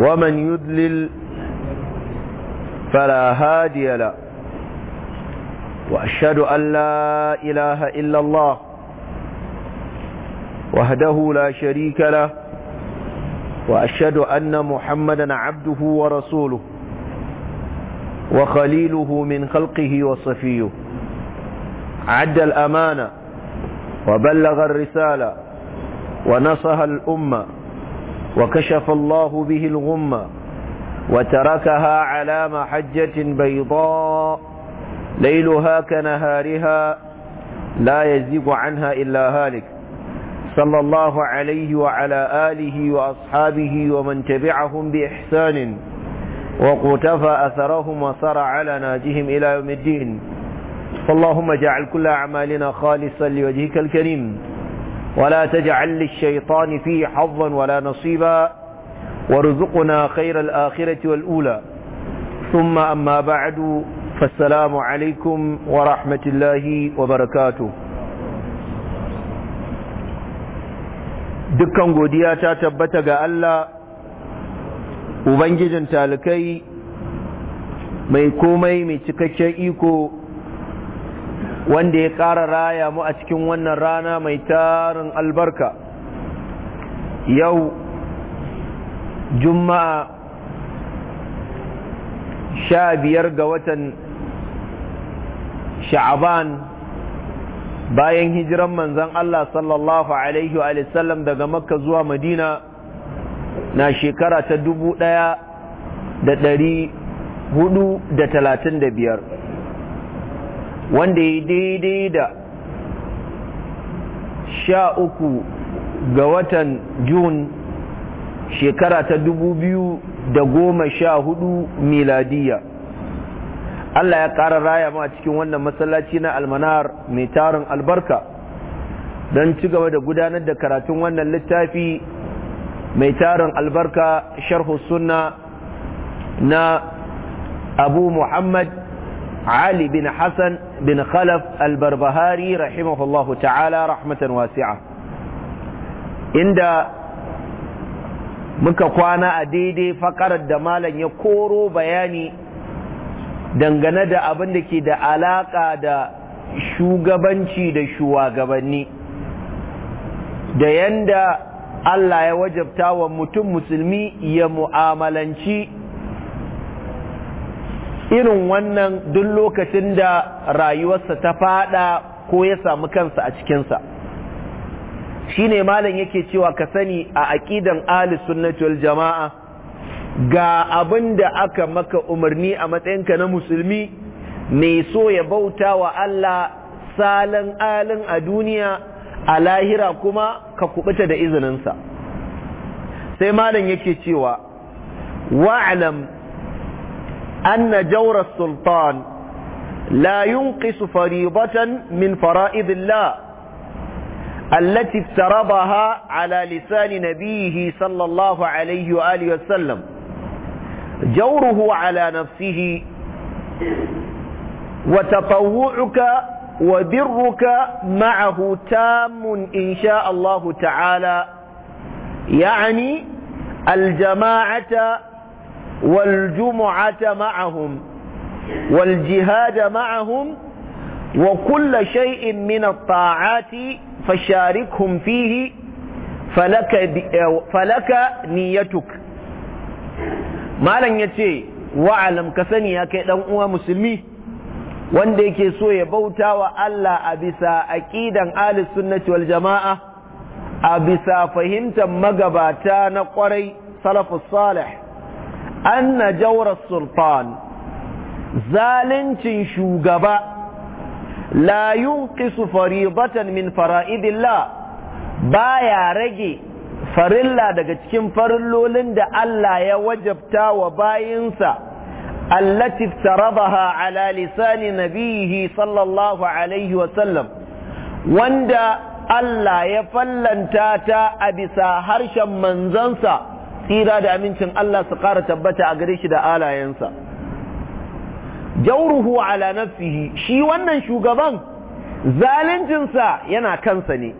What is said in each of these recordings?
ومن يدلل فلا هادي له وأشهد أن لا إله إلا الله وحده لا شريك له وأشهد أن محمدا عبده ورسوله وخليله من خلقه وصفيه عد الأمانة وبلغ الرسالة ونصها الأمة وكشف الله به الغمة وتركها على محجة بيضاء ليلها كنهارها لا يزيغ عنها إلا هالك صلى الله عليه وعلى آله وأصحابه ومن تبعهم بإحسان وقتفى أثرهم وسار على ناجهم إلى يوم الدين فاللهم اجعل كل أعمالنا خالصا لوجهك الكريم ولا تجعل للشيطان فيه حظا ولا نصيبا وارزقنا خير الآخرة والأولى ثم أما بعد فالسلام عليكم ورحمة الله وبركاته dukkan godiya ta tabbata ga Allah Ubangijin talikai mai komai mai cikakken iko wanda ya ƙara raya mu a cikin wannan rana mai tarin albarka yau juma'a sha biyar ga watan sha'aban bayan hijiran manzan Allah sallallahu Alaihi wasallam daga makka zuwa madina na shekara ta dubu ɗaya da ɗari hudu da talatin da biyar wanda ya daidai da sha uku ga watan jun shekara ta dubu biyu da goma sha hudu miladiya Allah ya ƙara raya ma cikin wannan masallaci na almanar mai tarin albarka don ci gaba da gudanar da karatun wannan littafi mai tarin albarka sharhu sunna na abu muhammad علي بن حسن بن خلف البربهاري رحمه الله تعالى رحمة واسعة عند muka kwana a daidai fakarar da malam ya koro bayani dangane da abin da ke da alaƙa da shugabanci da shugabanni da yanda Allah ya wajabta wa mutum musulmi ya mu'amalanci irin wannan duk lokacin da rayuwarsa ta fada ko ya samu kansa a cikinsa shi ne malam yake cewa ka sani a aƙidan sunnati wal jama'a ga abin da aka maka umarni a matsayinka na musulmi mai so ya bauta wa Allah salan alin a duniya a lahira kuma ka kubuta da izininsa sai malam yake cewa wa'alam أن جور السلطان لا ينقص فريضة من فرائض الله التي افترضها على لسان نبيه صلى الله عليه وآله وسلم جوره على نفسه وتطوعك وبرك معه تام إن شاء الله تعالى يعني الجماعة والجمعة معهم والجهاد معهم وكل شيء من الطاعات فشاركهم فيه فلك فلك نيتك ما لن يتي وعلم كسني هكي دم أوا أمم مسلمي وندي كي سوي بوتا وألا أبسا أكيدا آل السنة والجماعة أبسا فهمت مقباتا نقري صلف الصالح anna jawra sultan zalincin shugaba la yunqisu faridatan min fara'idillah baya rage farilla daga cikin farillolin da Allah ya wajabta wa bayinsa allati iftarabaha ala lisani nabihi sallallahu alaihi wa sallam wanda Allah ya fallanta ta a bisa harshen manzansa tsira da amincin Allah su ƙara tabbata a gare shi da alayensa jauruhu ala nafsihi shi wannan shugaban zaluncinsa yana kansa ne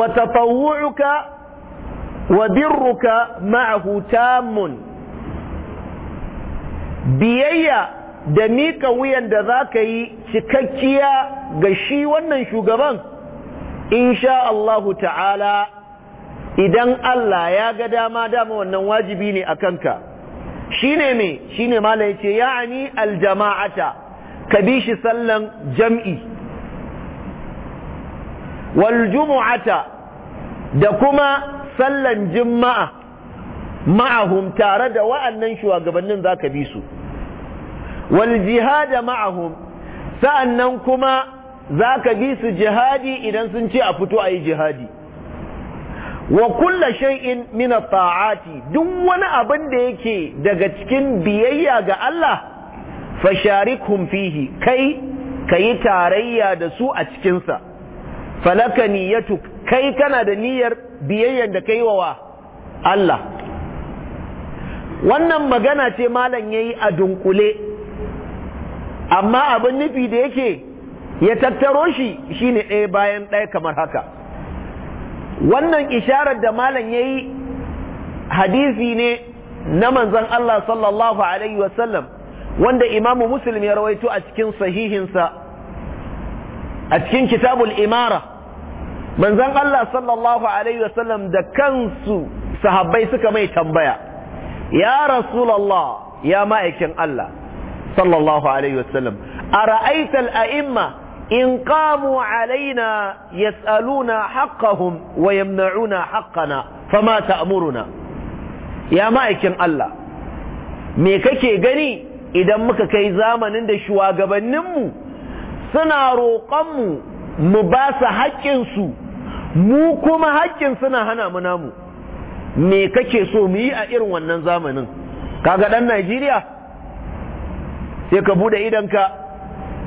Wata tatawu'uka wa birruka ma'ahu tamun biyayya da miƙa wuyan da za ka yi cikakkiya ga shi wannan shugaban insha Allahu ta'ala idan Allah ya ga dama dama wannan wajibi ne a kanka shine me shine mala yace ya'ani aljama'ata ka bi shi sallan jam'i waljumu'ata da kuma sallan juma'a ma'ahum tare da wa'annan shugabannin zaka bi su wal jihada ma'ahum sa'annan kuma zaka bi su jihadi idan sun ce a fito a yi jihadi wa kulla shay'in min ta'ati duk wani abin da yake daga cikin biyayya ga Allah fasharikhum fihi kai kayi tarayya da su a cikin sa falaka niyyatu kai kana da niyyar biyayyan da kai wa Allah wannan magana ce malam yayi a dunkule amma abin nufi da yake ya tattaro shi shine ɗaya bayan ɗaya kamar haka wannan isharar da malam ya yi hadisi ne na manzan Allah sallallahu Alaihi wasallam wanda imamu muslim ya rawaito a cikin sahihinsa a cikin kitabul imara manzan Allah sallallahu Alaihi wasallam da kansu sahabbai suka mai tambaya ya rasulallah ya ma'aikin Allah sallallahu Alaihi wasallam a ra'aitar a'imma in qamu alaina yas'aluna haqqahum wa yamna'una haqqana fama ta'muruna ya ma'aikin Allah me kake gani idan muka kai zamanin da mu suna roƙonmu mu ba su haƙƙinsu mu kuma haƙƙin suna hana mu namu me kake so mu yi a irin wannan zamanin kaga ɗan Najeriya sai ka bude idanka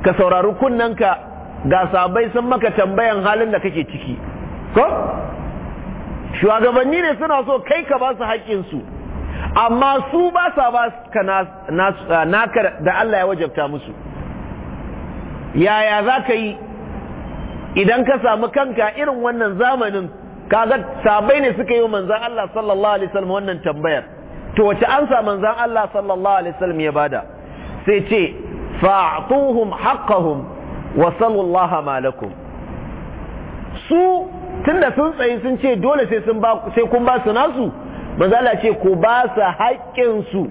ka saurari kunnanka ga sabai sun maka tambayan halin da kake ciki ko shugabanni ne suna so kai ka ba su amma su ba sa ba ka naka da Allah ya wajabta musu yaya za ka yi idan ka samu kanka irin wannan zamanin kaga sabai ne suka yi wa manzan Allah sallallahu alaihi wasallam wannan tambayar to wace ansa manzan Allah sallallahu alaihi wasallam ya bada sai ce fa'tuhum haqqahum wasallallahu malakum su tunda sun tsaye sun ce dole sai sun ba sai kun ba su nasu manzo ce ku ba su haƙƙin su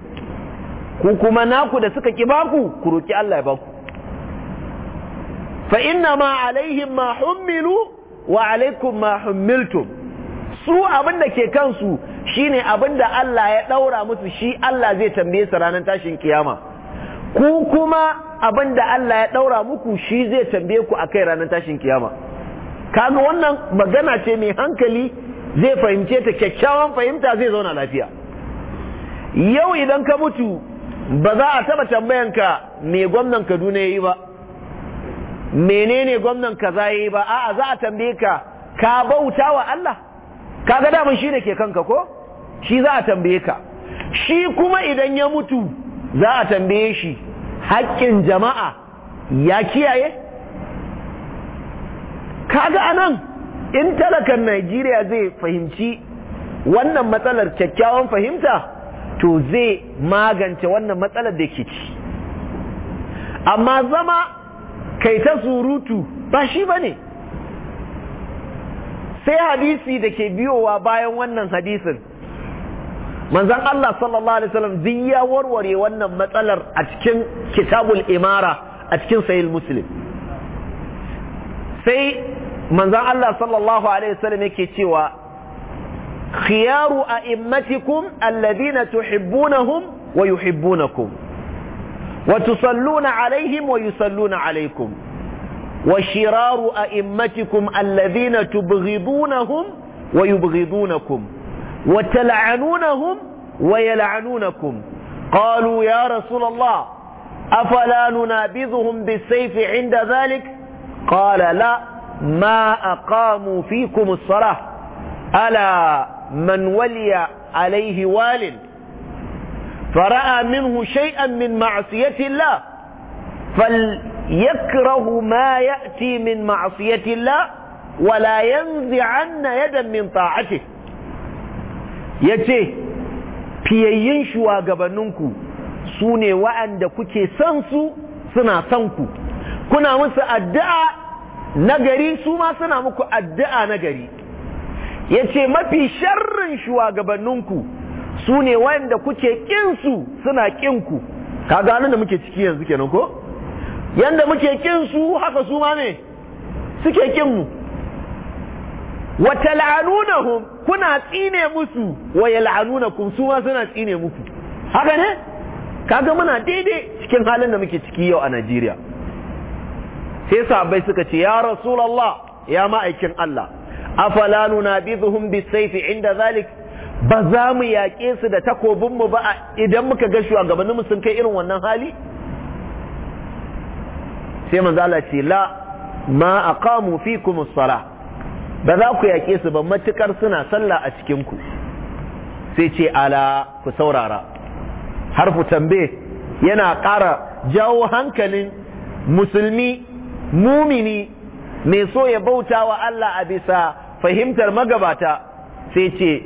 ku kuma naku da suka ki baku ku roki Allah ya baku fa inna ma alaihim ma hummilu wa alaikum ma hummiltum su abin da ke kansu shine abin da Allah ya daura musu shi Allah zai tambaye su ranar tashin kiyama ku kuma abin da Allah ya ɗaura muku shi zai tambaye ku a kai ranar tashin kiyama kaga wannan magana ce mai hankali zai fahimce ta kyakkyawan fahimta zai zauna lafiya yau idan ka mutu ba za a taba ka me gwamnan Kaduna yi ba menene gwamnan kaza yi ba a'a za a tambaye ka ka bauta wa Allah kaga damun shi ne ke kanka ko shi za a tambaye ka shi kuma idan ya mutu za a tambaye shi haƙƙin jama'a ya kiyaye kaga anan in talakan Najeriya zai fahimci wannan matsalar kyakkyawan fahimta to zai magance wannan matsalar da ke ci amma zama kai ta surutu ba shi ba ne sai hadisi da ke biyowa bayan wannan hadisin manzan Allah sallallahu alaihi wasallam zai ya warware wannan matsalar a cikin kitabul imara a cikin sahih muslim sai manzan Allah sallallahu alaihi wasallam yake cewa khiyaru a'immatikum alladhina tuhibbunahum wa yuhibbunakum wa tusalluna alaihim wa yusalluna alaikum wa shiraru a'immatikum alladhina tubghidunahum wa yubghidunakum وتلعنونهم ويلعنونكم قالوا يا رسول الله أفلا ننابذهم بالسيف عند ذلك قال لا ما أقاموا فيكم الصلاة ألا من ولي عليه وال فرأى منه شيئا من معصية الله فليكره ما يأتي من معصية الله ولا ينزعن يدا من طاعته ya ce fiyayyin shugabanninku su ne wa'anda kuke son su suna son ku kuna musu addu'a na gari su ma suna muku addu'a na gari ya ce mafi sharrin shugabanninku su ne wa'anda kuke ƙinsu suna ƙinku ka ganin da muke ciki yanzu kenan ko yanda muke ƙinsu haka su ma ne suke ƙinmu wata la'anunahum kuna tsine musu wa yal'anunakum su ma suna tsine muku haka ne kaga muna daidai cikin halin da muke ciki yau a Najeriya sai sahabbai suka ce ya rasulullah ya ma'aikin Allah afala nunabizuhum bisayfi inda zalik ba za mu yaƙe su da takobinmu ba idan muka ga mu sun kai irin wannan hali sai manzo Allah ce la ma aqamu fikum as-salah ba za ku yaƙe su ba matukar suna sallah a cikin ku sai ce ala ku saurara harfu tambe yana ƙara jawo hankalin musulmi mumini mai so ya bauta wa Allah a bisa fahimtar magabata sai ce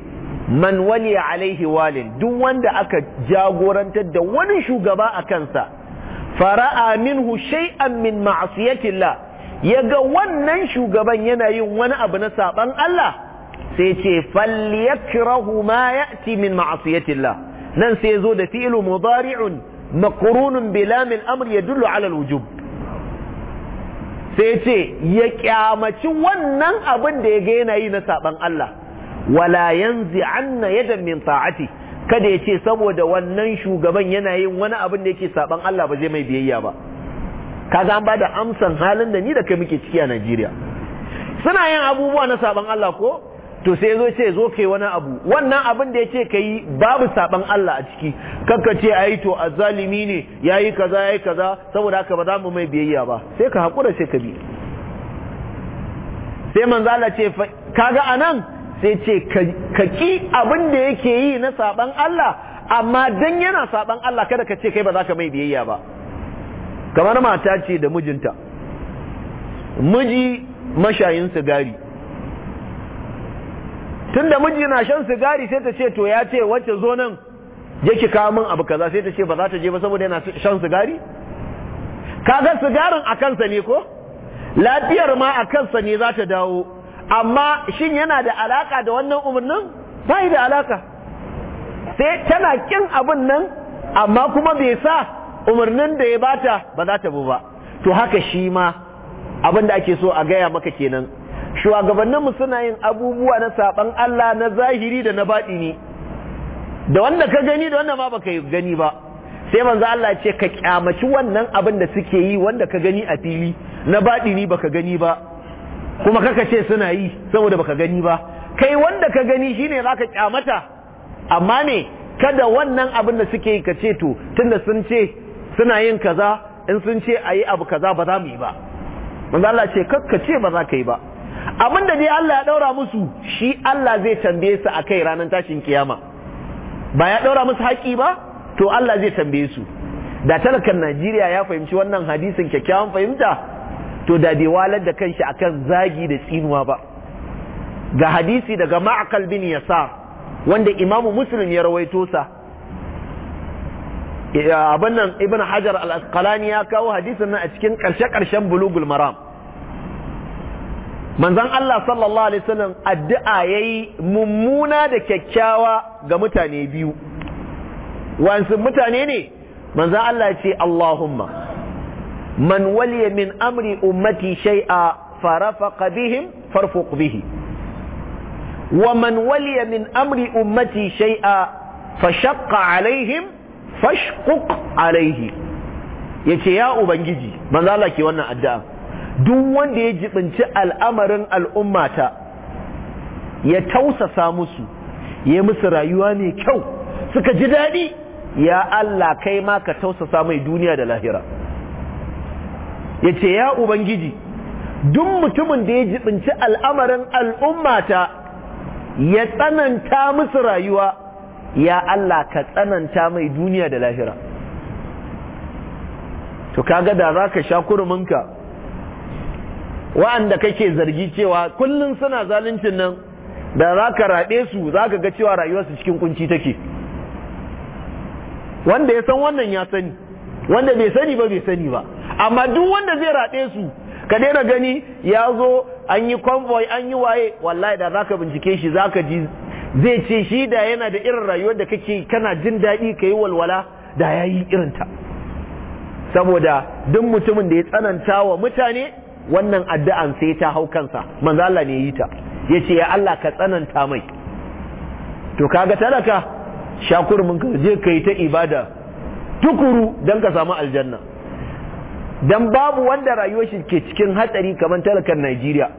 man wali alaihi walin duk wanda aka jagorantar da wani shugaba a kansa fara'a minhu shay'an min ma'asiyatillah ya ga wannan shugaban yana yin wani abu na saban Allah sai ce falyakrahu ma ya'ti min ma'asiyatillah nan sai zo da fi'lu mudari'un maqrunun bi lam al-amr yadullu 'ala al-wujub sai ce ya kyamaci wannan abin da ya ga yana yi na saban Allah wala yanzi anna yadan min ta'ati kada ya ce saboda wannan shugaban yana yin wani abin da yake saban Allah ba zai mai biyayya ba Ka kaga ba da amsan halin da ni da kai muke ciki a Najeriya suna yin abubuwa na saban Allah ko to sai zo ce zo kai wani abu wannan abin da yace kai babu saban Allah a ciki kanka ce ai to azzalimi ne yayi kaza yayi kaza saboda haka ba za mu mai biyayya ba sai ka hakura sai ka bi sai manzo Allah ce kaga anan sai ce ka ki abin da yake yi na saban Allah amma dan yana saban Allah kada ka ce kai ba za ka mai biyayya ba kamar mata ce da mijinta miji mashayin sigari tun da miji na shan sigari sai ta ce to ya ce wacce zo nan je ki kawo min abu kaza sai ta ce ba za ta je ba saboda yana shan sigari kaga sigarin a kansa ne ko lafiyar ma a kansa ne za ta dawo amma shin yana da alaka da wannan umarnin ba da alaka sai tana kin abin nan amma kuma bai sa umarnin da ya bata ba za ta bu ba to haka shi ma abin ake so a gaya maka kenan shugabanninmu suna yin abubuwa na saban Allah na zahiri da na baɗi ne da wanda ka gani da wanda ma baka gani ba sai manzo Allah ce ka kyamaci wannan abin da suke yi wanda ka gani a fili na baɗi ne baka gani ba kuma kaka ce suna yi saboda baka gani ba kai wanda ka gani shine zaka kyamata amma ne kada wannan abin da suke yi ka ce to tunda sun ce suna yin kaza in sun ce a yi abu kaza ba za mu yi ba manzo Allah ce kakka ce ba za ka yi ba abin da dai Allah ya daura musu shi Allah zai tambaye su akai ranar tashin kiyama ba ya daura musu haƙi ba to Allah zai tambaye su da talakan Najeriya ya fahimci wannan hadisin kyakkyawan fahimta to da bai walar da kanshi akan zagi da tsinuwa ba ga hadisi daga ma'akal bin yasar wanda imamu muslim ya rawaito sa abin nan ibn hajar al ya kawo hadisin nan a cikin ƙarshe karshen bulugul maram manzon Allah sallallahu alaihi wasallam addu'a yayi mummuna da kyakkyawa ga mutane biyu wansu mutane ne manzon Allah ce Allahumma man waliya min amri ummati shay'a farafaqa bihim farfuq bihi wa man waliya min amri ummati fa shakka alaihim fashquq alaihi yace ya ubangiji manzo Allah ke wannan addu'a duk wanda ya jibinci al'amarin al'ummata ya tausasa musu ya musu rayuwa mai kyau suka ji daɗi ya Allah kai ma ka tausasa mai duniya da lahira yace ya ubangiji duk mutumin da ya jibinci al'amarin al'ummata ya tsananta musu rayuwa ya Allah ka tsananta mai duniya da lahira to kaga da za ka sha kuruminka wa'anda kake zargi cewa kullum suna zaluncin nan da za ka raɗe su za ka ga cewa rayuwarsu cikin kunci take wanda ya san wannan ya sani wanda bai sani ba bai sani ba amma duk wanda zai raɗe su ka daina gani ya zo an yi convoy an yi waye wallahi da zaka bincike shi zaka ji zai ce shi da yana da irin rayuwar da kake kana jin daɗi ka walwala da ya yi ta. saboda duk mutumin da ya tsananta wa mutane wannan addu'an sai ta hau kansa manzo Allah ne yi ta ya ce ya Allah ka tsananta mai to kaga talaka shakur mun je ka ta ibada tukuru dan ka samu aljanna dan babu wanda rayuwar shi ke cikin hatsari kamar talakan Najeriya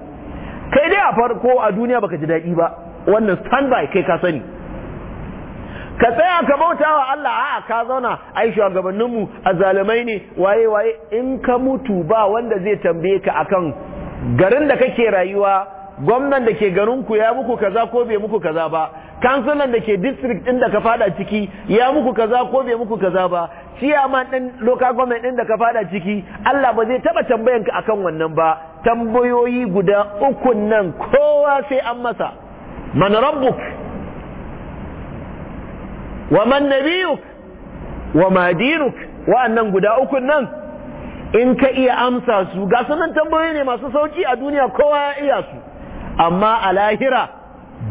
kai dai a farko a duniya baka ji daɗi ba wannan standby kai ka sani ka tsaya ka bauta wa Allah a ka zauna ai shugabanninmu azalimai ne waye waye in ka mutu ba wanda zai tambaye ka akan garin da kake rayuwa gwamnan da ke garin ku ya muku kaza ko bai muku kaza ba kansulan da ke district din da ka fada ciki ya muku kaza ko bai muku kaza ba chairman din local government din da ka fada ciki Allah ba zai taba tambayan ka akan wannan ba tambayoyi guda uku nan kowa sai an masa من ربك ومن نبيك وما دينك wa'annan guda ukun nan in ka iya amsa su ga sanan tambayoyi ne masu sauki a duniya kowa ya iya su amma a lahira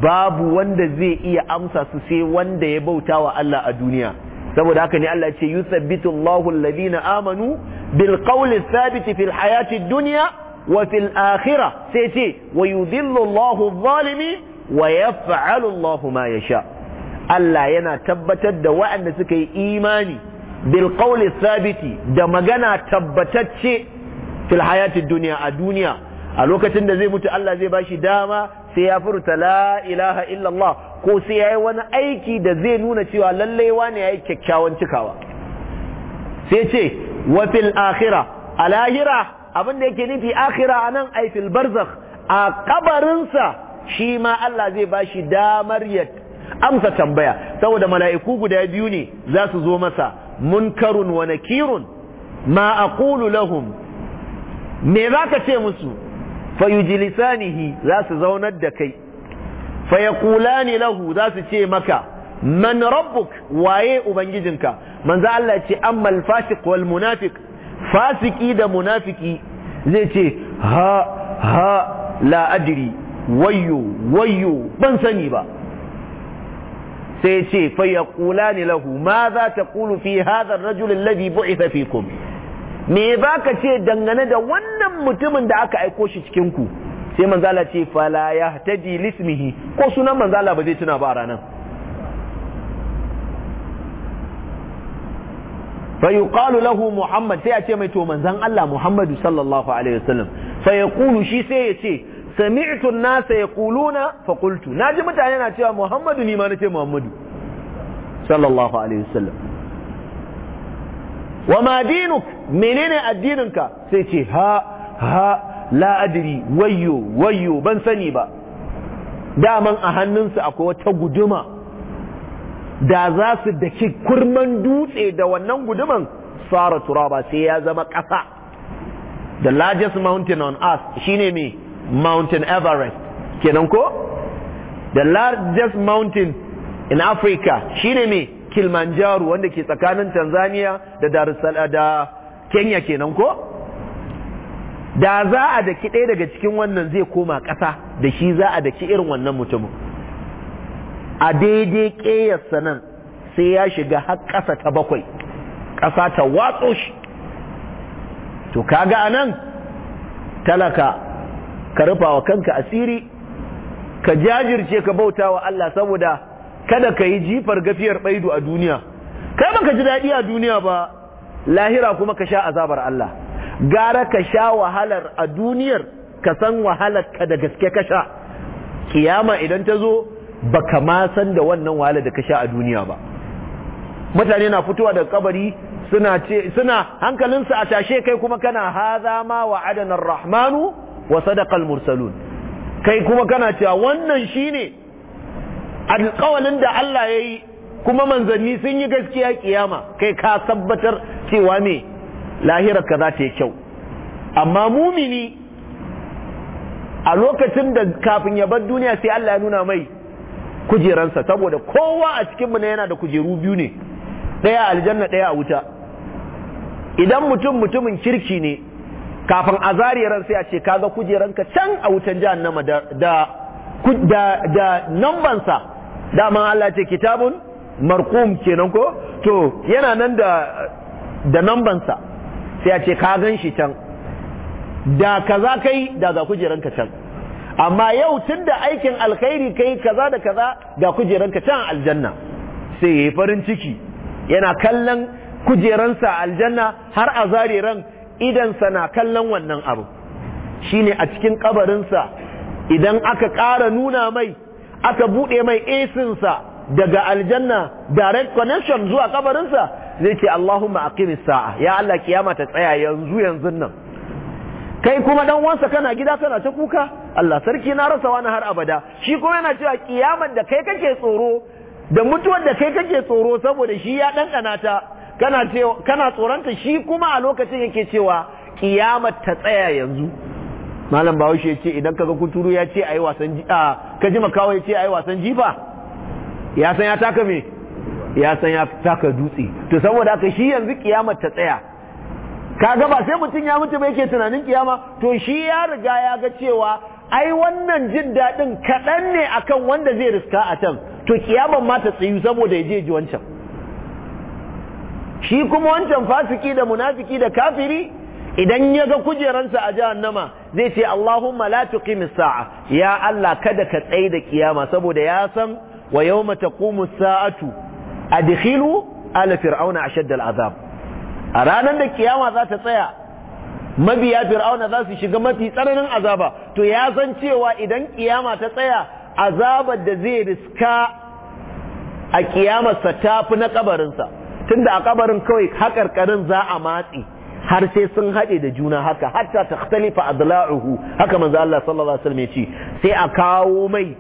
babu wanda zai iya amsa su sai wanda ya bauta wa Allah a duniya saboda haka ne Allah ce yuthabbitu Allahu alladhina amanu bil qawli thabit fil hayati dunya wa fil akhirah sai ce wa yudhillu Allahu wa yaf'alu Allahu ma sha Allah yana tabbatar da waɗanda suka yi imani bil qawli thabiti da magana tabbatacce fil hayatid duniya a duniya a lokacin da zai mutu Allah zai bashi dama sai ya furta la ilaha illallah ko sai ya yi wani aiki da zai nuna cewa lallai wane ya yi kyakkyawan cikawa sai ce wa fil akhira a lahira abin da yake nufi akhira a nan aifil barzak barzakh a kabarinsa shi ma Allah zai ba shi damar ya amsa tambaya saboda mala'iku guda biyu ne za su zo masa munkarun wa nakirun ma aqulu lahum me za ka ce musu fayujlisanihi za su zaunar da kai fayaqulani lahu za su ce maka man rabbuk waye ubangijinka manzo Allah ce ammal fasiq wal munafiq fasiki da munafiki zai ce ha ha la adri wayyo wayo ban sani ba sai ce fa yaqulani lahu ma za taqulu fi hadha ar-rajul alladhi bu'itha fikum me baka ce dangane da wannan mutumin da aka aiko shi cikin ku sai manzala ce fala yahtaji lismihi ko sunan manzala ba zai tuna ba ranan فيقال له محمد sai a ce mai to manzon Allah Muhammadu sallallahu alaihi wasallam fa yaqulu shi sai ya ce sami'tu an-nas yaquluna fa na ji mutane na cewa Muhammadu ni ma nace Muhammadu sallallahu alaihi wasallam wa ma dinuk menene addininka sai ce ha ha la adri wayyo wayyo ban sani ba daman a hannunsu akwai wata guduma da za su daki kurman dutse da wannan guduman fara turaba sai ya zama ƙasa the largest mountain on earth shine me mountain everest kenan ko the largest mountain in africa shine mai kilimanjaro wanda ke tsakanin tanzania da da kenya kenan ko da za a daki ɗaya daga cikin wannan zai koma ƙasa da shi za a daki irin wannan mutum a daidai ƙeyarsa nan sai ya shiga har ƙasa ta bakwai ƙasa ta watso shi to kaga anan talaka ka rufa wa kanka asiri ka jajirce ka bauta wa Allah saboda kada ka yi jifar gafiyar baidu a duniya kai baka ji daɗi a duniya ba lahira kuma ka sha azabar Allah gara ka sha wahalar a duniyar ka san wahalar ka da gaske ka sha kiyama idan ta zo baka ma san da wannan wahalar da ka sha a duniya ba mutane na fitowa daga kabari suna ce suna hankalinsu a tashe kai kuma kana hadama ma wa adanar rahmanu wa sadaqal mursalun kai kuma kana cewa wannan shine alƙawalin da Allah ya yi kuma manzanni sun yi gaskiya kiyama kai ka tabbatar cewa me lahirar ka za ta yi kyau amma mumini a lokacin da kafin ya bar duniya sai Allah ya nuna mai kujeransa saboda kowa a cikinmu na yana da kujeru biyu ne ɗaya aljanna ɗaya a wuta idan mutum mutumin kirki ne kafin a zare ran sai a ce kaga kujeranka can a wutan jahannama da da da da nambansa Allah ce kitabun marqum kenan ko to yana nan da da nambansa sai a ce ka gan shi can da kaza kai da ga kujeranka can amma yau tunda aikin alkhairi kai kaza da kaza ga kujeranka can aljanna sai yi farin ciki yana kallon kujeransa aljanna har a idansa na kallon wannan abu ne a cikin kabarinsa idan aka ƙara nuna mai aka buɗe mai esinsa daga aljanna direct connection zuwa kabarinsa zai ce Allahu aqimi sa'a ya Allah kiyama ta tsaya yanzu yanzu nan kai kuma dan wansa kana gida kana ta kuka Allah sarki na rasa wani har abada shi kuma yana cewa kiyamar da kai kake tsoro da mutuwar da kai kake tsoro saboda shi ya ɗanɗana ta kana cewa kana tsoronta shi kuma a lokacin yake cewa kiyamar ta tsaya yanzu malam bahaushe ya ce idan kaga kuturu ya ce ayi wasan ji ka ji makawa ya ce ayi wasan jifa ya san ya taka me ya san ya taka dutse to saboda haka shi yanzu kiyamar ta tsaya kaga ba sai mutum ya mutu ba yake tunanin kiyama to shi ya riga ya ga cewa ai wannan jin daɗin kaɗan ne akan wanda zai riska a can to kiyaman ma ta tsayu saboda ya je ji wancan shi kuma wancan fasiki da munafiki da kafiri idan ya ga kujeransa a jahannama zai ce Allahumma la tuqimis sa'a ya Allah kada ka tsaye da kiyama saboda ya san wa yawma taqumu sa'atu adkhilu ala fir'auna ashadda azab. a ranar da kiyama za ta tsaya mabiya fir'auna za su shiga mafi tsananin azaba to ya san cewa idan kiyama ta tsaya azabar da zai riska a kiyamarsa ta fi na kabarinsa tunda a kabarin kawai haƙarƙarin za a matsi har sai sun haɗe da juna haka hatta a adla'uhu haka manzo Allah sallallahu alaihi wasallam ya ce sai a kawo mai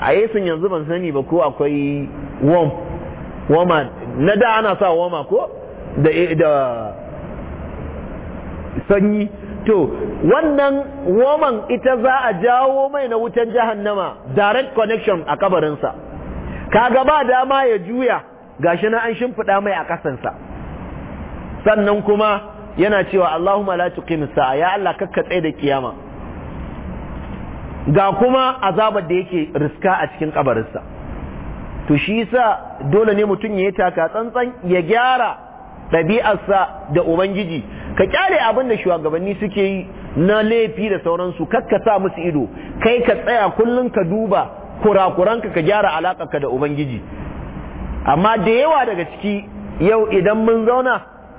a yesun yanzu ban sani ba ko akwai wom woma na da ana sa woma ko da da sanyi to wannan woman ita za a jawo mai na wutan jahannama direct connection a kabarinsa kaga ba dama ya juya gashi na an shimfiɗa mai a ƙasansa sannan kuma yana cewa Allahumma la tuqim sa'a ya Allah kakka tsaye da kiyama ga kuma azabar da yake riska a cikin kabarinsa to shi yasa dole ne mutum ya taka tsantsan ya gyara ɗabi'arsa da ubangiji ka kyale abin da shugabanni suke yi na laifi da sauransu kakka sa musu ido kai ka tsaya kullum ka duba kurakuranka ka gyara ka da ubangiji amma da yawa daga ciki yau idan mun zauna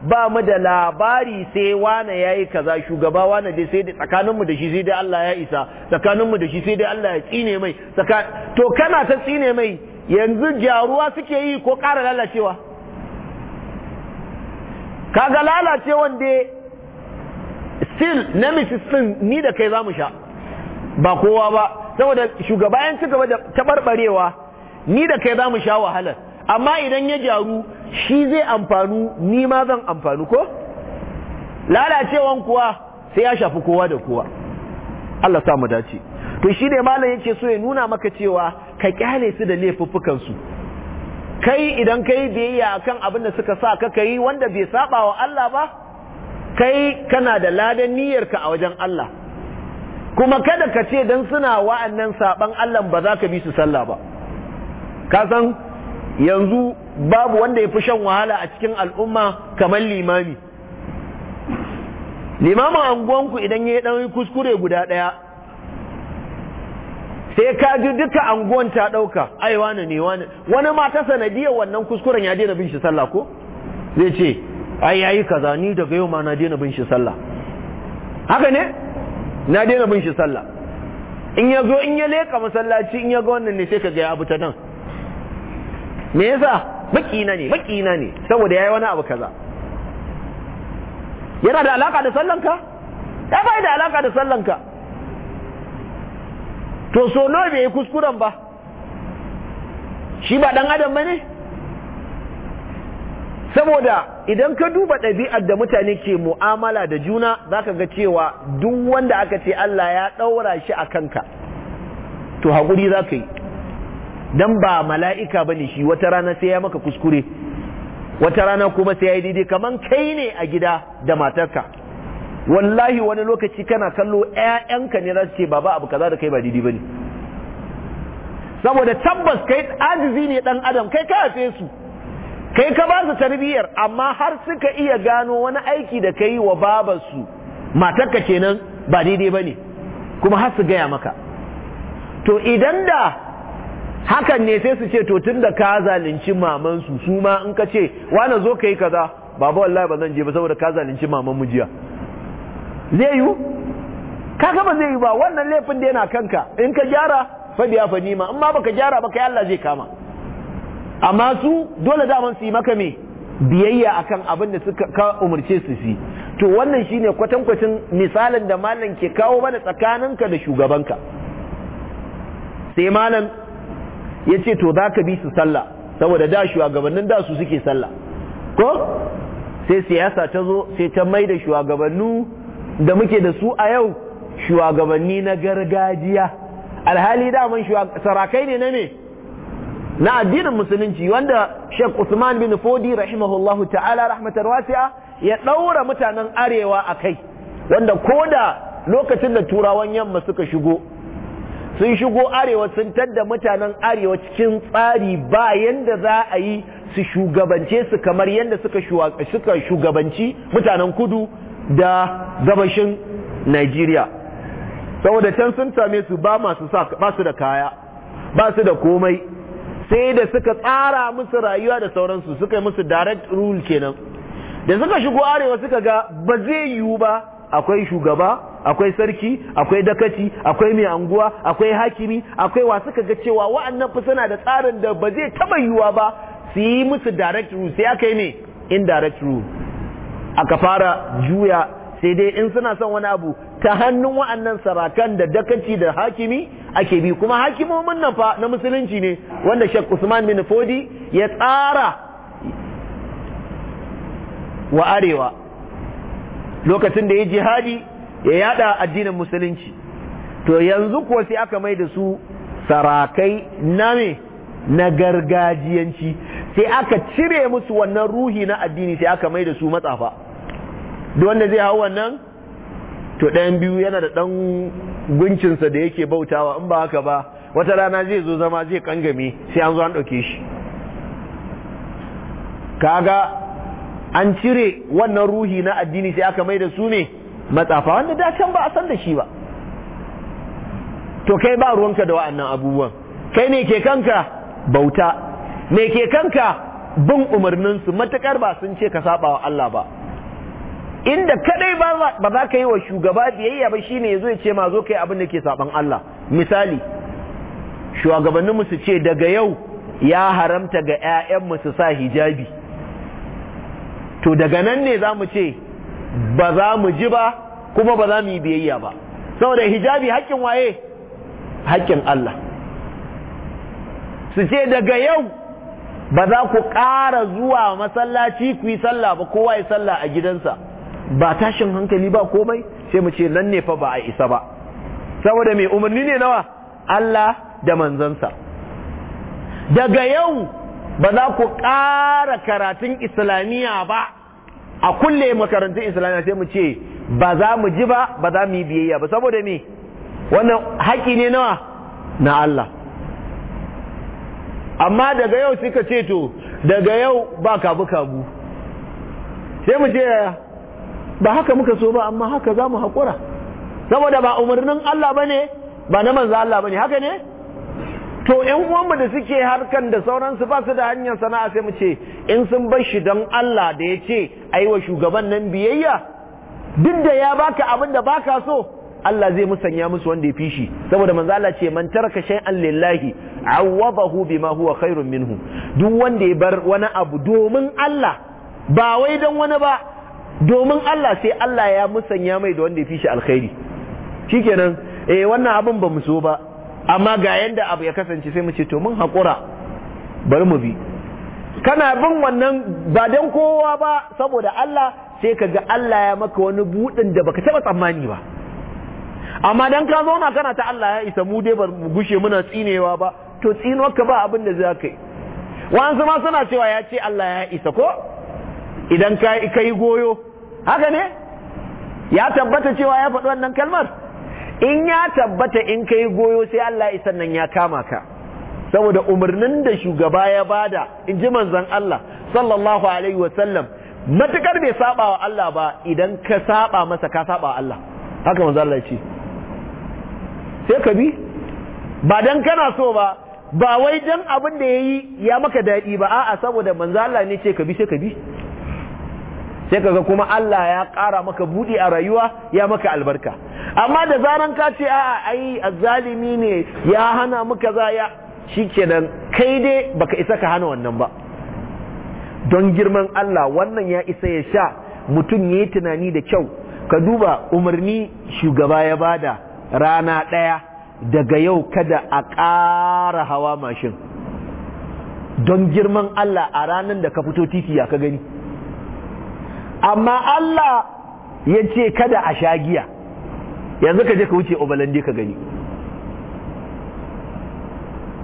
ba mu da labari sai wane ya yi kaza shugaba wane dai sai dai tsakaninmu da shi sai dai Allah ya isa tsakaninmu da shi sai dai Allah ya tsine mai to kana ta tsine mai yanzu jaruwa suke yi ko ƙara lalacewa kaga lalacewan dai still nemesis din ni da kai za mu sha ba kowa ba saboda shugaba yan ci gaba da tabarbarewa ni da kai za mu sha wahalar amma idan ya jaru shi zai amfanu ni ma zan amfanu ko lalacewan kuwa sai ya shafi kowa da kowa Allah sa mu dace to shi ne malam yake so ya nuna maka cewa ka kyale su da laifuffukan su kai idan kai biyayya akan abin da suka sa ka kai wanda bai saba wa Allah ba kai kana da ladan niyyarka a wajen Allah kuma kada ka ce dan suna wa'annan saban Allah ba za ka bi su sallah ba ka san yanzu babu wanda ya fi shan wahala a cikin al'umma kamar limami limamin anguwanku idan ya yi ɗanwai kuskure guda ɗaya sai ka ji duka anguwan ta ɗauka ai wani ne wani wani ma ta sanadiyar wannan kuskuren ya daina bin shi sallah ko zai ce ai yayi kaza ni daga yau ma na daina bin shi sallah haka ne na daina bin shi sallah in ya zo in ya leka masallaci in ya ga wannan ne sai ka ga ya abu ta nan me yasa makina ne makina ne saboda yayi wani abu kaza yana da alaka da sallanka ya bai da alaka da sallanka to so nawa bai yi kuskuren ba shi ba dan adam bane saboda idan ka duba ɗabi'ar da mutane ke mu'amala da juna zaka ga cewa duk wanda aka ce Allah ya ɗaura shi a kanka to haƙuri za ka yi dan ba mala'ika bane shi wata rana sai ya maka kuskure wata rana kuma sai ya yi daidai kaman kai ne a gida da matarka wallahi wani lokaci kana kallo ƴaƴanka ne za su ce baba abu kaza da kai ba daidai bane saboda tabbas kai ajizi ne dan adam kai ka haife su kai ka ba su tarbiyyar amma har suka iya gano wani aiki da kai wa babarsu matarka kenan ba daidai bane kuma har su gaya maka to idan da hakan ne sai su ce to tun da ka zalunci mamansu su ma in ka ce wane zo ka yi kaza baba wallahi ba zan je ba saboda ka zalunci maman mu jiya zai ka ga ba zai yi ba wannan laifin da yana kanka in ka gyara fa biya fa nima in ma baka gyara ba kai Allah zai kama amma su dole da daman su yi maka me biyayya akan abin da suka ka umarce su yi to wannan shine kwatankwacin misalin da malam ke kawo mana tsakaninka da shugabanka sai malam ya ce to za ka bi su sallah saboda da shugabannin da su suke sallah ko sai siyasa ta zo sai ta mai da shugabannu da muke da su a yau shugabanni na gargajiya alhali daman sarakai ne na ne na addinin musulunci wanda Sheikh Usman bin Fodi rahimahullahu ta'ala rahmatar wasi'a ya ɗaura mutanen arewa a kai wanda koda lokacin da turawan yamma suka shigo sun shigo arewa sun tadda mutanen arewa cikin tsari ba yadda za a yi su shugabance su kamar yadda suka suka shugabanci mutanen kudu da gabashin Najeriya saboda can sun same su ba masu sa ba su da kaya ba su da komai sai da suka tsara musu rayuwa da sauransu suka yi musu direct rule kenan da suka shigo arewa suka ga ba zai yiwu ba akwai shugaba akwai sarki akwai dakaci akwai mai anguwa akwai hakimi akwai wasu ga cewa wa'annan fi suna da tsarin da ba zai taba yiwuwa ba su yi musu direct rule sai aka yi ne indirect rule aka fara juya sai dai in suna son wani abu ta hannun wa'annan sarakan da dakaci da hakimi ake bi kuma hakimomin nan fa na musulunci ne wanda Sheikh Usman bin Fodi ya tsara wa arewa lokacin da ya jihadi ya yada addinin musulunci to yanzu ko sai aka mai da su sarakai na me na gargajiyanci sai aka cire musu wannan ruhi na addini sai aka mai da su matsafa duk wanda zai hau wannan to ɗayan biyu yana da ɗan guncinsa da yake bautawa in ba haka ba wata rana zai zo zama zai kangame sai an zo an ɗauke shi kaga an cire wannan ruhi na addini sai aka mai da su ne matsafa wanda da can ba a san da shi ba to kai ba ruwanka da wa'annan abubuwan kai ne ke kanka bauta ne ke kanka bin umarninsu matakar ba sun ce ka saba wa Allah ba inda kadai ba za ka yi wa shugaba biyayya ba shine yazo ya ce ma zo kai abin da ke saban Allah misali shugabannin mu su ce daga yau ya haramta ga mu su sa hijabi to daga nan ne za mu ce ba za mu ji ba kuma ba za mu yi biyayya ba saboda hijabi haƙƙin waye haƙƙin Allah su ce daga yau ba za ku ƙara zuwa masallaci ku yi sallah ba kowa ya sallah a gidansa ba tashin hankali ba komai sai mu ce nan ne fa ba a isa ba saboda mai umarni ne nawa Allah da manzansa daga yau ba za ku ƙara karatun islamiyya ba a kulle makarantun islamiyya sai mu ce ba za mu ji ba ba za mu yi biyayya ba saboda me wannan haƙi ne nawa na Allah amma daga yau suka ce to daga yau ba kabu kabu sai mu ce ba haka muka so ba amma haka za mu haƙura saboda ba umarnin Allah ba ne ba na manza Allah ba ne haka ne to yan uwanmu da suke harkan da sauransu ba su da hanyar sana'a sai mu ce in sun bar shi don Allah da ya ce ai wa shugaban nan biyayya duk da ya baka abin da baka so Allah zai musanya musu wanda ya fi shi saboda manzo Allah ce man taraka shay'an lillahi awwadahu bima huwa khairun minhu duk wanda ya bar wani abu domin Allah ba wai dan wani ba domin Allah sai Allah ya musanya mai da wanda ya fi shi alkhairi shikenan eh wannan abin ba mu so ba amma ga yanda abu ya kasance sai mu ce to mun hakura bari mu bi kana bin wannan ba dan kowa ba saboda Allah sai ka ga Allah ya maka wani buɗin da baka taɓa tsammani ba amma dan ka zauna kana ta Allah ya isa mu dai ba mu gushe muna tsinewa ba to ka ba abin da za ka yi wa'ansu ma suna cewa ya ce Allah ya isa ko idan ka yi goyo haka ne ya tabbata cewa ya faɗi wannan kalmar in ya tabbata in ka yi goyo sai Allah ya isa ya kama ka saboda umarnin da shugaba ya bada in ji manzon Allah sallallahu alaihi wa sallam. matukar bai saba wa Allah ba idan ka saba masa ka saba wa Allah haka manzo Allah ce sai ka bi ba dan kana so ba ba wai dan abin da yayi ya maka dadi ba a'a saboda manzo Allah ne ce ka bi sai ka bi sai kaga kuma Allah ya ƙara maka buɗi a rayuwa ya maka albarka amma da zaran ka ce a ai azzalimi ne ya hana maka za ya shikenan kai dai baka isa ka hana wannan ba don girman Allah wannan ya isa ya sha mutum ya yi tunani da kyau ka duba umarni shugaba ya bada rana ɗaya daga yau kada a ƙara hawa mashin don girman Allah a ranar da ka fito titi ya ka gani amma Allah ya ce kada a sha giya yanzu ka je ka wuce obalande ka gani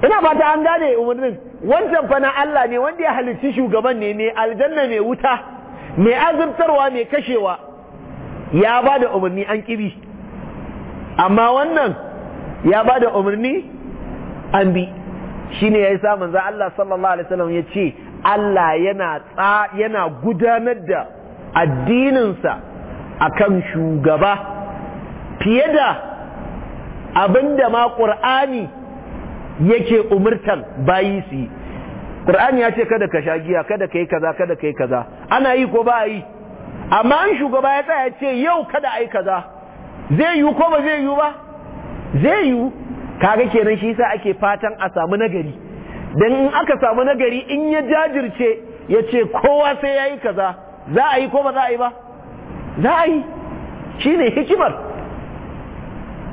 ina fata an gane umarnin wancan fa na Allah ne wanda ya halitta shugaban ne mai aljanna mai wuta mai azurtarwa mai kashewa ya ba umarni an kibi amma wannan ya bada umarni an bi shine yayi sa manzo Allah sallallahu alaihi wasallam ya ce Allah yana yana gudanar da addininsa akan shugaba fiye da abinda ma Qur'ani yake umurtan bayi su yi Qur'ani ya ce kada ka sha giya kada ka yi kaza kada ka yi kaza ana yi ko ba yi amma an shugaba ya tsaya ce yau kada ai kaza zai yi ko ba zai yi ba zai yi kaga kenan shi sa ake fatan a samu nagari don in aka samu nagari in ya jajirce ya ce kowa sai ya yi kaza za a yi ko ba za a yi ba za a yi shi ne hikimar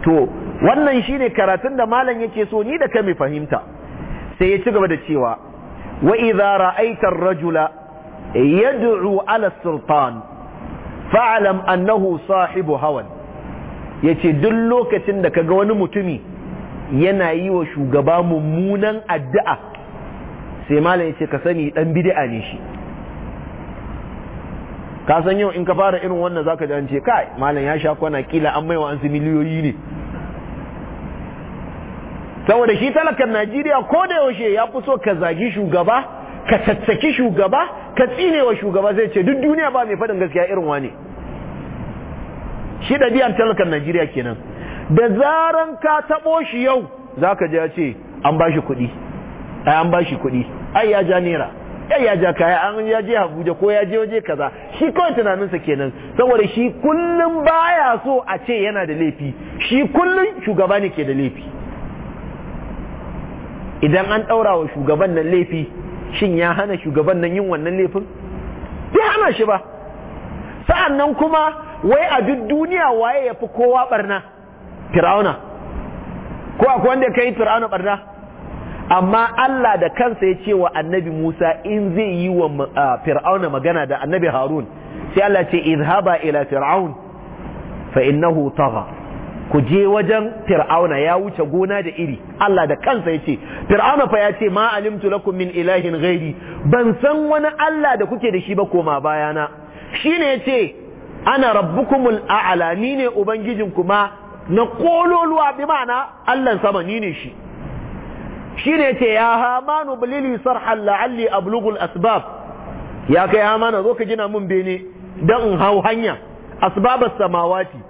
to wannan shi ne karatun da malam yake so ni da ka fahimta sai ya ci gaba da cewa wa iza ra'aita rajula yad'u 'ala sultan fa'lam annahu sahibu hawan yace duk lokacin da kaga wani mutumi yana yi wa shugaba mummunan addu'a sai malam yace ka sani dan bid'a ne shi ka san yau in ka fara irin wannan zaka ji an ce kai malam ya sha kwana kila an maiwa an su miliyoyi ne saboda shi talakan najeriya ko da yaushe ya fi so ka zagi shugaba ka tattaki shugaba ka tsinewa shugaba zai ce duk duniya ba mai faɗin gaskiya irin wane shi ɗabi'ar talakan najeriya kenan da zaran ka taɓo shi yau za ka ja ce an ba shi kuɗi ai an ba shi kuɗi ai ya ja naira ai ya ja kaya an ya je Abuja ko ya je waje kaza shi kawai tunaninsa kenan saboda shi kullum baya so a ce yana da laifi shi kullum shugaba ne ke da laifi idan an ɗaura wa shugaban nan laifi shin ya hana shugaban nan yin wannan laifin bai hana shi ba sa'an nan kuma wai a duk duniya waye ya fi kowa ɓarna? fir'auna ko akwai wanda ya kai fir'auna ɓarna? amma Allah da kansa ya ce wa annabi Musa in zai yi wa fir'auna magana da annabi Harun sai Allah ce izhaba ila fir'aun fa innahu tagha ku je wajen fir'auna ya wuce gona da iri Allah da kansa ya ce fir'auna fa ya ce ma alimtu lakum min ilahin ghairi ban san wani Allah da kuke da shi ba koma bayana shine ya ce ana rabbukumul a'la ni ne ubangijin kuma na kololuwa bi mana Allah sama ni ne shi shine ya ce ya hamanu bilili sarhan la'alli ablughul asbab ya kai hamana zo ka gina mun bene dan in hau hanya asbabas samawati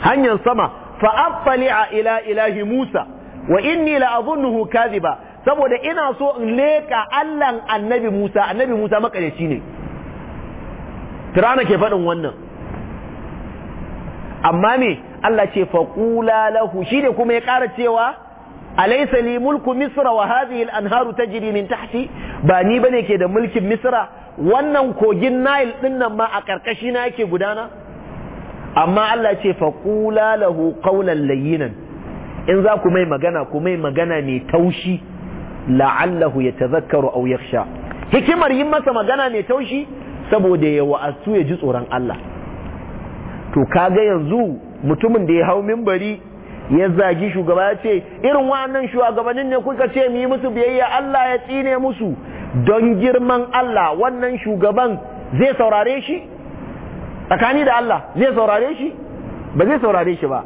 hanyar sama fa a ila ilahi Musa wa inni la'azunuhu azunnuhu ba. saboda ina so in leka Allahn annabi Musa annabi Musa makareci ne tirana ke faɗin wannan amma me Allah ce faƙula lahu shi ne kuma ya ƙara cewa alaisa li mulku misra wa hadhihi al-anharu tajri min tahti ba ni bane ke da mulkin misra wannan kogin nile ɗin nan ma a ƙarƙashina na yake gudana amma Allah ce faƙula lahu ƙaunar layinan in za ku mai magana ku mai magana mai taushi la'allahu ya tazakkaru au yakhsha hikimar yin masa magana mai taushi saboda ya wa'azu ya ji tsoron Allah to kaga yanzu mutumin da ya hau mimbari ya zagi shugaba ya ce irin wa'annan shugabannin ne kuka ce mu yi musu biyayya Allah ya tsine musu don girman Allah wannan shugaban zai saurare shi tsakani da Allah zai saurare shi ba zai saurare shi ba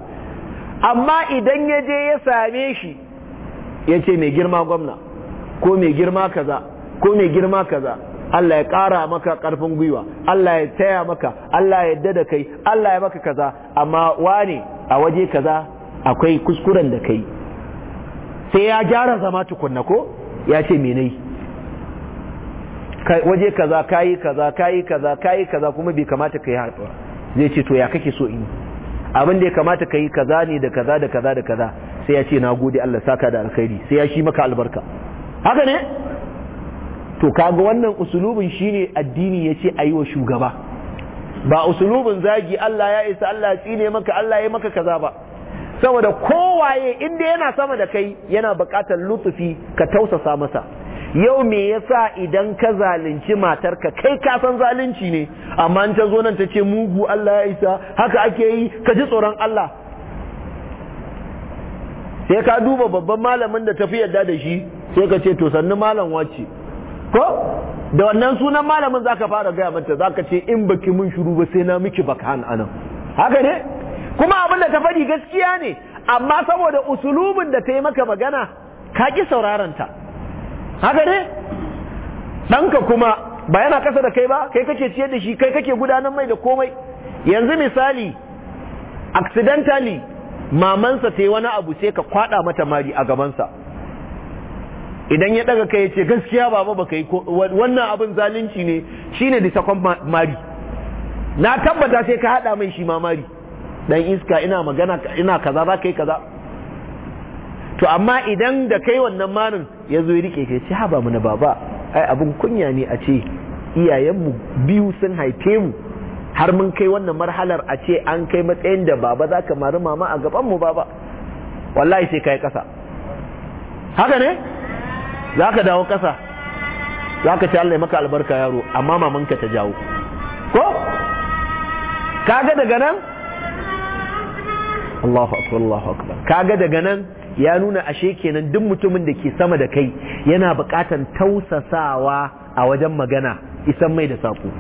amma idan ya je ya same shi ya ce mai girma gwamna ko mai girma kaza ko mai girma kaza Allah ya ƙara maka karfin gwiwa Allah ya taya maka Allah ya yadda da kai Allah ya maka kaza amma wane a waje kaza akwai kuskuren da kai sai ya gyara zama tukunna ko ya ce menai waje kaza kayi kaza kayi kaza kayi kaza kuma bai kamata kai haɗuwa zai ce to ya kake so in abin da ya kamata kai kaza ne da kaza da kaza da kaza sai ya ce na gode Allah saka da alkhairi sai ya shi maka albarka haka ne to kaga wannan usulubin shine addini yace ayi wa shugaba ba usulubin zagi Allah ya isa Allah ya tsine maka Allah ya maka kaza ba saboda kowaye inda yana sama da kai yana bukatar lutufi ka tausasa masa yau me yasa idan ka zalunci matarka kai ka san zalunci ne amma in ta zo nan ta ce mugu Allah ya isa haka ake yi ka ji tsoron Allah sai ka duba babban malamin da tafi yadda da shi sai ka ce to sannu malam wace ko da wannan sunan malamin zaka fara gaya mata zaka ce in baki mun shuru ba sai na miki bakan anan haka ne kuma abin da ta faɗi gaskiya ne amma saboda usulubin da ta yi maka magana ka ƙi ta. haka ne ɗanka kuma ba yana kasa da kai ba kai kake ciyar da shi kai kake gudanar mai da komai yanzu misali accidentally mamansa ta wani abu sai ka kwaɗa mata mari a gabansa idan ya ɗaga kai ya ce gaskiya baba baka yi wannan abin zalunci ne shine da sakon mari na tabbata sai ka haɗa mai shi mamari. dan iska ina magana ina kaza za ka yi kaza to amma idan da kai wannan marin ya zo ya rike kai ce haba na baba ai abin kunya ne a ce iyayenmu biyu sun haife mu har mun kai wannan marhalar a ce an kai matsayin da baba za ka mari mama a gaban mu baba wallahi sai kai kasa haka ne za ka dawo kasa za ka ci Allah maka albarka yaro amma mamanka ta jawo ko kaga daga nan Allahu akbar Allahu akbar kaga daga nan ya nuna ashe kenan duk mutumin da ke sama da kai yana buƙatan tausasawa a wajen magana isan mai da saƙo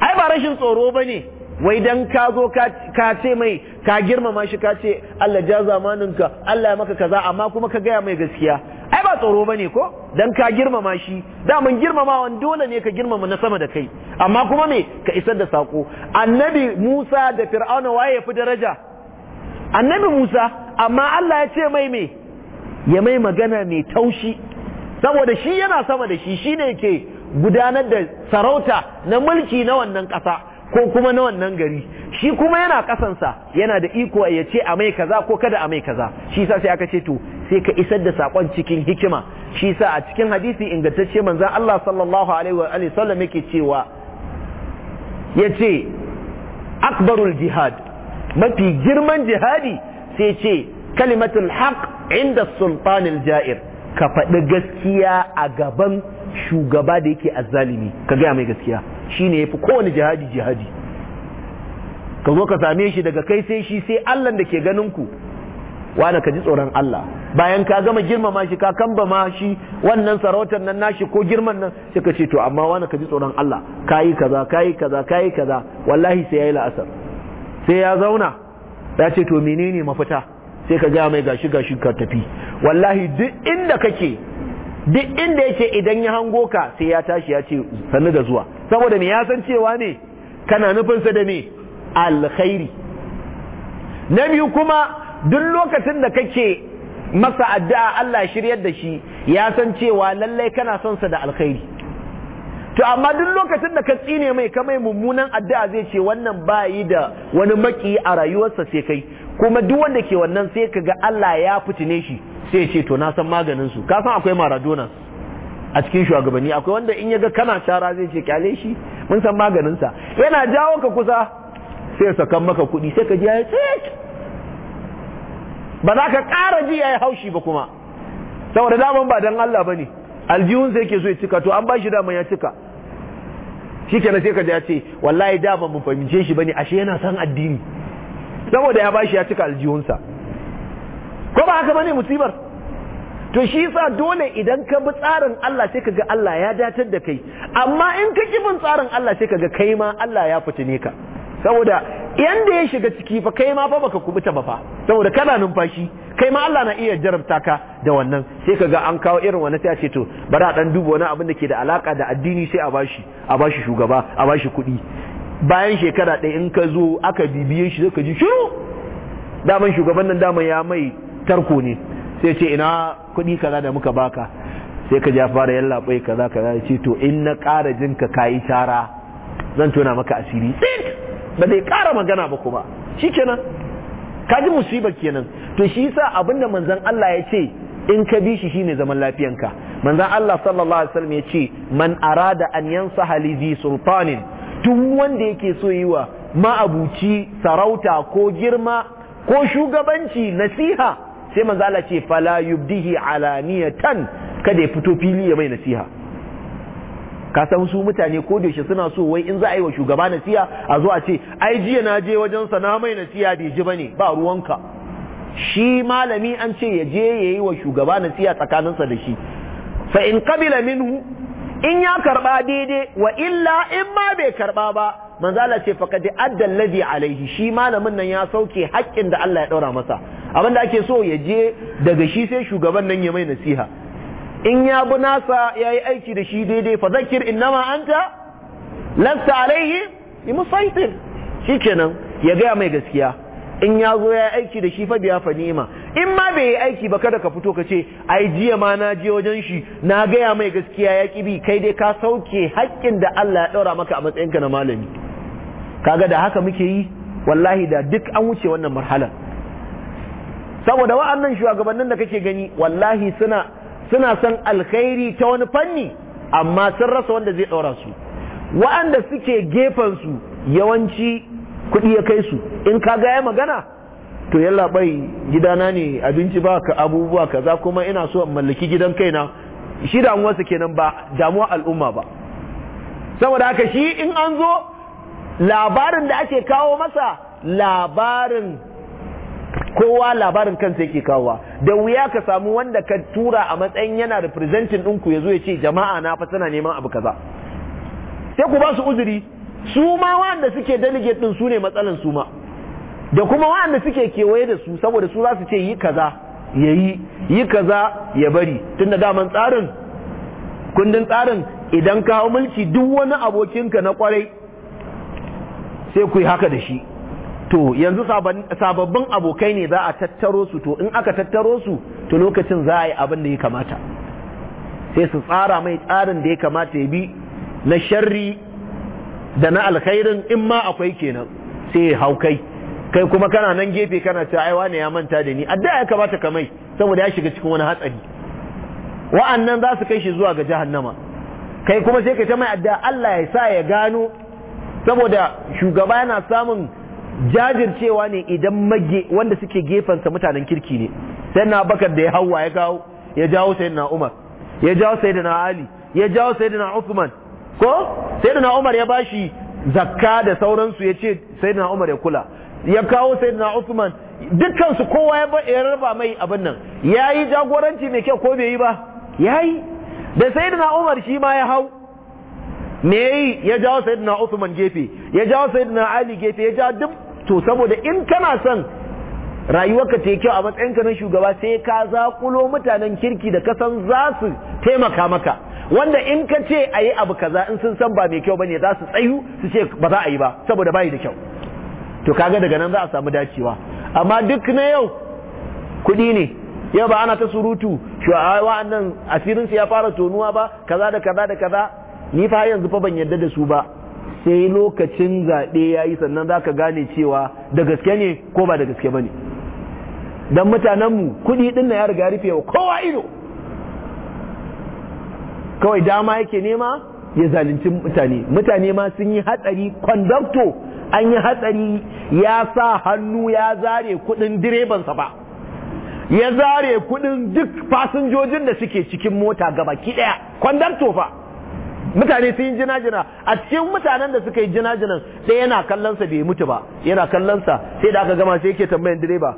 ai ba rashin tsoro bane wai dan ka zo ka ce mai ka girmama shi ka ce Allah ja zamaninka Allah ya maka kaza amma kuma ka gaya mai gaskiya ai ba tsoro ba ko dan ka girmama shi daman girmamawan dole ne ka girmama na sama da kai amma kuma me ka isar da saƙo annabi Musa da Fir'auna waye fi daraja annabi Musa amma Allah ya ce mai me ya mai magana mai taushi saboda shi yana sama da shi Shi ne ke gudanar da sarauta na mulki na wannan ƙasa ko kuma na wannan gari shi kuma yana kasansa yana da iko ya ce a mai kaza ko kada a mai kaza shi sa sai aka ce to sai ka isar da sakon cikin hikima shi sa a cikin hadisi ingantacce manzan Allah sallallahu alaihi wa sallam yake cewa yace akbarul jihad mafi girman jihadi sai ce kalimatul haq inda sultanil ja'ir ka faɗi gaskiya a gaban shugaba da yake azzalimi ka gaya mai gaskiya Shi shine yafi kowane jihadi jihadi ka zo ka same shi daga kai sai shi sai Allah da ke ganin ku wanda ka ji tsoron Allah bayan ka gama girmama shi ka kamba ma shi wannan sarautar nan nashi ko girman nan sai ka ce to amma wanda ka ji tsoron Allah kayi kaza kayi kaza kayi kaza wallahi sai ya yi la'asar sai ya zauna ya ce to menene mafita sai ka gaya mai gashi gashi ka tafi wallahi duk inda kake duk inda yake idan ya hango ka sai ya tashi ya ce sannu da zuwa saboda me ya san cewa ne kana nufinsa da me alkhairi na biyu kuma duk lokacin da kake masa addu'a Allah shiryar da shi ya san cewa lallai kana son sa da alkhairi to amma duk lokacin da ka tsine mai ka mai mummunan addu'a zai ce wannan bayi da wani maki a rayuwarsa sai kai kuma duk wanda ke wannan sai ka ga Allah ya fitine shi sai ce to na san maganin su ka san akwai Maradona a cikin shugabanni akwai wanda in ya ga kana shara zai ce kyale shi mun san maganin sa yana jawo ka kusa sai saka maka kuɗi sai ka ji ya ba za ka ƙara ji yayi haushi ba kuma saboda daman ba dan Allah bane aljihun sai ke so ya cika to an ba shi daman ya cika shi kenan sai ka ji ya ce wallahi da ba mu fahimce shi bane ashe yana san addini saboda ya bashi ya cika aljihunsa ko ba haka bane musibar to shi yasa dole idan ka bi tsarin Allah sai kaga Allah ya datar da kai amma in ka kibin tsarin Allah sai kaga kai ma Allah ya fitine ka saboda yanda ya shiga ciki fa kai ma fa baka kubuta ba fa saboda kana numfashi kai ma Allah na iya jarabta ka da wannan sai kaga an kawo irin wani sai a ce to bari a dan duba wani abin da ke da alaka da addini sai a bashi a bashi shugaba a bashi kuɗi bayan shekara ɗaya in ka zo aka bibiye shi zaka ji shiru daman shugaban nan daman ya mai tarko ne sai ce ina kuɗi kaza da muka baka sai ka ja fara yalla bai kaza kaza ce to in na ƙara jinka kayi tara zan tona maka asiri ba zai ƙara magana ba kuma shi kenan kaji musiba kenan to shi yasa da manzon Allah ya ce in ka bi shi shine zaman lafiyanka manzon Allah sallallahu alaihi wasallam ya ce man arada an yansaha li sultanin duk wanda yake so yi wa ma'abuci sarauta ko girma ko shugabanci nasiha sai manzon Allah ce fala yubdihi alaniyatan kada ya fito fili ya mai nasiha ka san su mutane ko da suna so wai in za a yi wa shugaba nasiya a zo a ce ai jiya na je wajen sa na mai nasiya bai ji bane ba ruwanka shi malami an ce ya je yayi wa shugaba nasiya tsakaninsa da shi fa in qabila minhu in ya karba daidai wa illa in ma bai karba ba manzala ce faqad adda alladhi alaihi shi malamin nan ya sauke haƙƙin da Allah ya daura masa abin da ake so ya je daga shi sai shugaban nan ya mai nasiha in ya bi nasa ya yi aiki da shi daidai fa zakir an ta lasta alaihi yi bi shi kenan ya gaya mai gaskiya in ya zo ya yi aiki da shi fa biya fa nima in ma bai yi aiki ba kada ka fito ka ce ai jiya ma na je wajen shi na gaya mai gaskiya ya ki bi kai dai ka sauke haƙƙin da Allah ya ɗaura maka a matsayinka na malami kaga da haka muke yi wallahi da duk an wuce wannan marhala saboda wa'annan shugabannin da kake gani wallahi suna suna son alkhairi ta wani fanni amma sun rasa wanda zai ɗora su wa'anda suke gefen su yawanci kuɗi ya kai su in ka ga ya magana to yalla bai gidana ne abinci ba ka abubuwa kaza kuma ina so in mallaki gidan kaina shi damuwarsa kenan ba damuwa al'umma ba saboda haka shi in an zo labarin da ake kawo masa labarin kowa labarin kansa yake kawowa da wuya ka samu wanda ka tura a matsayin yana representing ɗinku ya zo ya ce jama'a na fa tana neman abu kaza sai ku ba su uzuri su ma wanda suke delegate ɗin su ne matsalan su ma da kuma wanda suke kewaye da su saboda su za su ce yi kaza ya yi yi kaza ya bari tun da daman tsarin kundin tsarin idan kawo mulki duk wani abokinka na kwarai sai ku yi haka da shi to yanzu sababbin abokai ne za a tattaro su to in aka tattaro su to lokacin za a yi abin da ya kamata sai su tsara mai tsarin da ya kamata ya bi na sharri da na alkhairin in ma akwai kenan sai ya hau kai kai kuma kana nan gefe kana ta aiwa ne ya manta da ni adda ya kamata ka mai saboda ya shiga cikin wani hatsari wa'annan za su kai shi zuwa ga jahannama kai kuma sai ka ta mai adda Allah ya sa ya gano saboda shugaba yana samun jajircewa ne idan mage wanda suke gefensa mutanen kirki ne sai na bakar da ya hawa ya kawo ya jawo sai na umar ya jawo sai na ali ya jawo sai na uthman ko sai na umar ya bashi zakka da sauransu ya ce sai na umar ya kula ya kawo sai na uthman dukkansu kowa ya raba mai abin nan ya yi jagoranci mai kyau ko bai yi ba ya yi da sai na umar shi ma ya hau me yi ya jawo sayyidina Uthman gefe ya jawo sayyidina Ali gefe ya jawo duk to saboda in kana son rayuwarka ta yi kyau a matsayinka na shugaba sai ka zakulo mutanen kirki da kasan za su taimaka maka wanda in ka ce a yi abu kaza in sun san ba mai kyau bane za su tsayu su ce ba za a yi ba saboda bayi da kyau to kaga daga nan za a samu dacewa amma duk na yau kuɗi ne yau ba ana ta surutu shuwa asirin su ya fara tonuwa ba kaza da kaza da kaza ni fa yanzu fa ban yarda da su ba sai lokacin zaɓe ya yi sannan za ka gane cewa da gaske ne ko ba da gaske ba ne don mutanenmu kuɗi ɗin na ya riga rufe wa kowa ido kawai dama yake nema ya zalunci mutane mutane ma sun yi hatsari kwandakto an yi hatsari ya sa hannu ya zare kuɗin direbansa ba ya zare kuɗin duk fasinjojin da suke cikin mota gaba ki ɗaya kwandakto fa mutane sun yi jina-jina a cikin mutanen da suka yi jina-jinan sai yana kallonsa bai mutu ba yana kallonsa sai da aka gama sai yake tambayan direba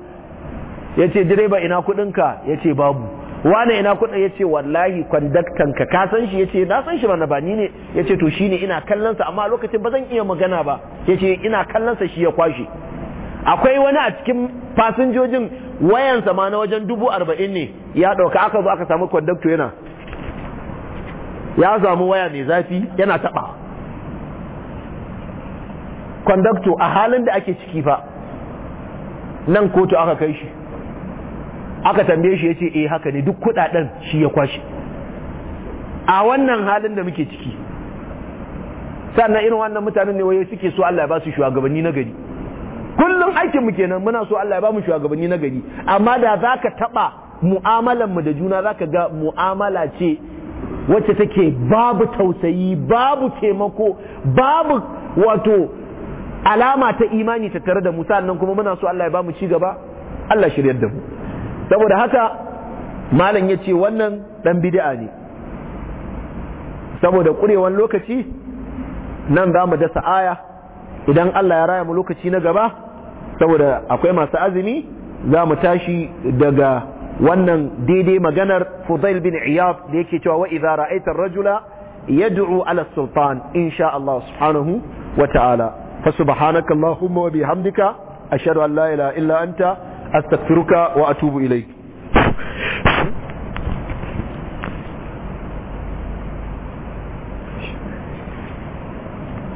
ya ce direba ina kudinka ya ce babu wane ina kudin ya ce wallahi kwandaktanka ka san shi ya ce na san shi mana ba ni ne ya ce to ne ina kallonsa amma lokacin ba zan iya magana ba ya ce ina kallonsa shi ya kwashe akwai wani a cikin fasinjojin wayansa ma na wajen dubu arba'in ne ya ɗauka aka zo aka samu kwandakto yana ya samu waya mai zafi yana taba kwandakto a halin da ake ciki fa nan kotu aka kai shi aka tambaye shi ya ce eh haka ne duk kudaden shi ya kwashe a wannan halin da muke ciki sannan irin wannan mutanen ne waye suke so Allah ya ba su shugabanni na gari kullum aikin mu kenan muna so Allah ya ba mu shugabanni na gari amma da zaka taba mu'amalan mu da juna zaka ga mu'amala ce wacce take babu tausayi babu taimako babu wato alama ta imani ta tare da mu sannan kuma muna so Allah ya bamu ci gaba Allah shiryar da mu saboda haka malam ya ce wannan dan bid'a ne saboda kurewan lokaci nan za mu dasa aya idan Allah ya raya mu lokaci na gaba saboda akwai masu azumi za mu tashi daga wannan daidai maganar Fudail bin iyab da yake cewa wa idza ra'aita ar-rajula yad'u ala sultan insha Allah subhanahu wa ta'ala fa subhanaka allahumma wa bihamdika ashhadu an la ilaha illa anta astaghfiruka wa atubu ilayk